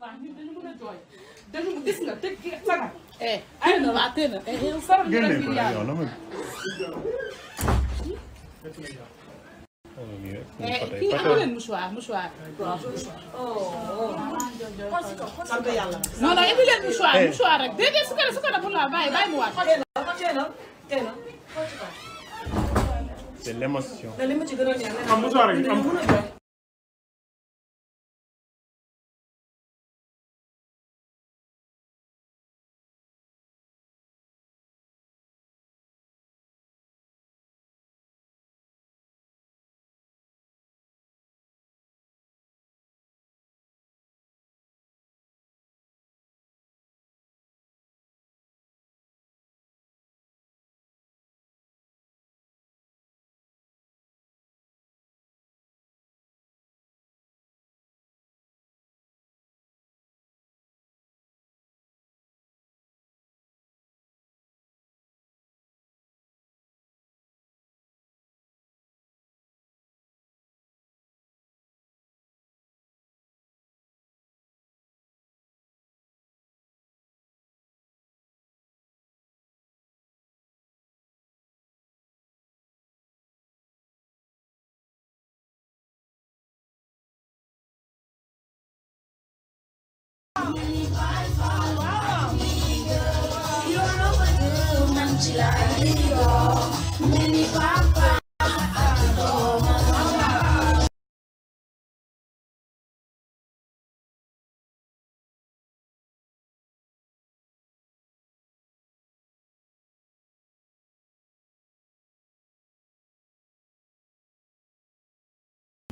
waaw ñun dañu mën a jooy dañu gis nga tëj gi sagar. ay na waaw tëj na. faram ñu ne fii yàlla leen mouchoir mouchoir. non non indi leen mouchoir mouchoir rek déedéet su ko def su ko def mun naa bàyyi bàyyi mu waat. c'est l'émotion. am mouchoir yi am.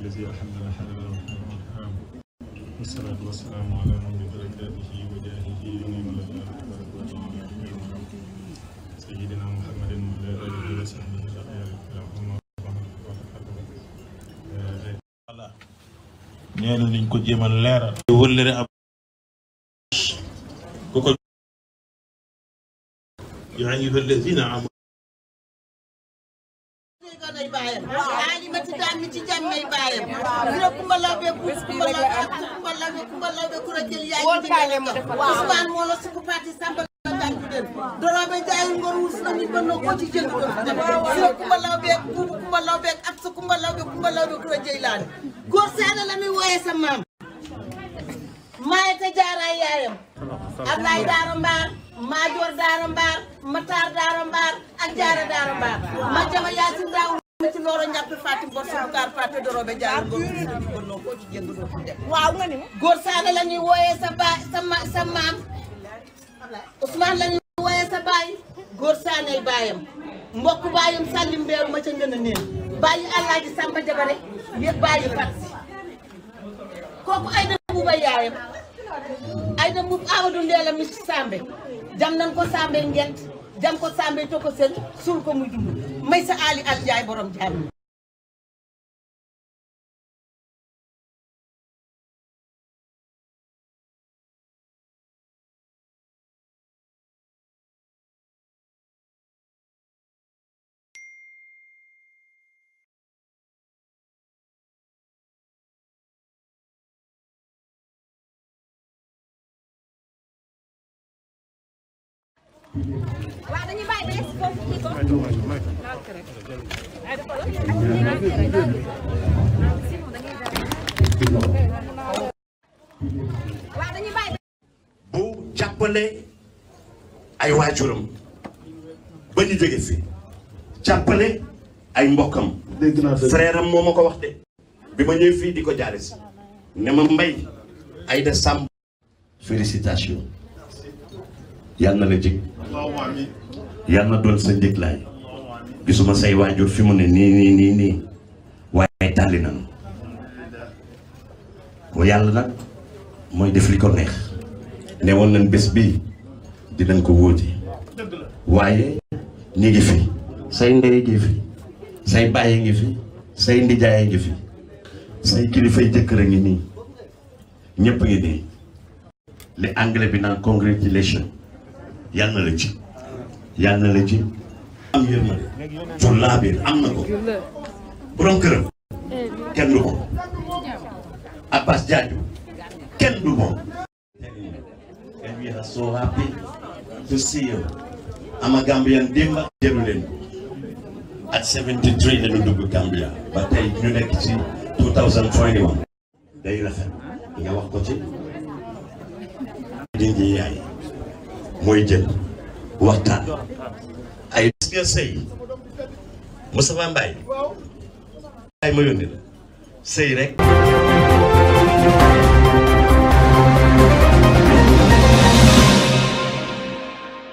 الذي أحملنا حمل الرحمن الرحيم والصلاة والسلام على من بركاته وجاهه ونعم سيدنا محمد وعلى آله وصحبه الأخيار الكرام nee na nañ ko jéem a leeral. wëllëre ab ku ko. yaa ayyuha alladina amanu jàmmay baayam alimati tam mi ci jàmmay baayam dina kumba lawbe bu kumba lawbe ak kumba lawbe kumba lawbe ku buubu kumba lawbe ak sa kumba lawbe kumba lawbe ku la jëy laan góor seena la sa maam maaye te jaaraay yaayam Ablaye Daara Mbaar Maajoor Daara Mbaar Matar Daara Mbaar ak Jaara Daara Mbaar ma jama yaasin daawul ci looro ñàpp Fatim góor saana la ñuy wooyee sa baay sa ma maam Ousmane la ñuy wooyee sa baay góor saanay baayam mbokk baayam sàlli mbeeru ma ca ngën a neen bàyyi Alaaji Samba Jabare yëpp bàyyi fat si kooku ay da buuba yaayam ay da buub Amadou Ndeela mi Sambe jam nan ko Sambe ngent jam ko Sambe to ko sën ko muy may sa Ali Al Ndiaye borom jaay waaw dañuy bàyyi ba yegg bu jàppale ay waajuram ba ñu jóge si jàppale ay mbokkam. dégg naa frère am ma ko wax de. bi ma ñëw fii di ko jaare si. ne ma mbay ay de sàmm. félicitation. yàlla na la jig yàlla na doon sa njëglaay gisuma say waajur fi mu ne nii nii nii nii waaye tàlli nañu ko yàlla nag mooy def li ko neex ne woon nañ bés bii dinañ ko wóoti waaye ñi ngi fi say ndey ngi fi say bàyyi ngi fi say ndijaay ngi fi say kilifay jëkkër a ngi nii ñëpp ngi nii li anglais bi naan congratulation yàlla na la ci yàlla na la ci am yërmande pour laabir am na ko borom këram kenn du moom Abbas Diadio kenn du moom and we are so happy to leen at 73 lañu dugg Gambia ba tey ñu nekk ci 2021 day rafet nga wax ko ci di ngi yaay mooy jël waxtaan ay gis nga sëy Moustapha ay ma yónni rek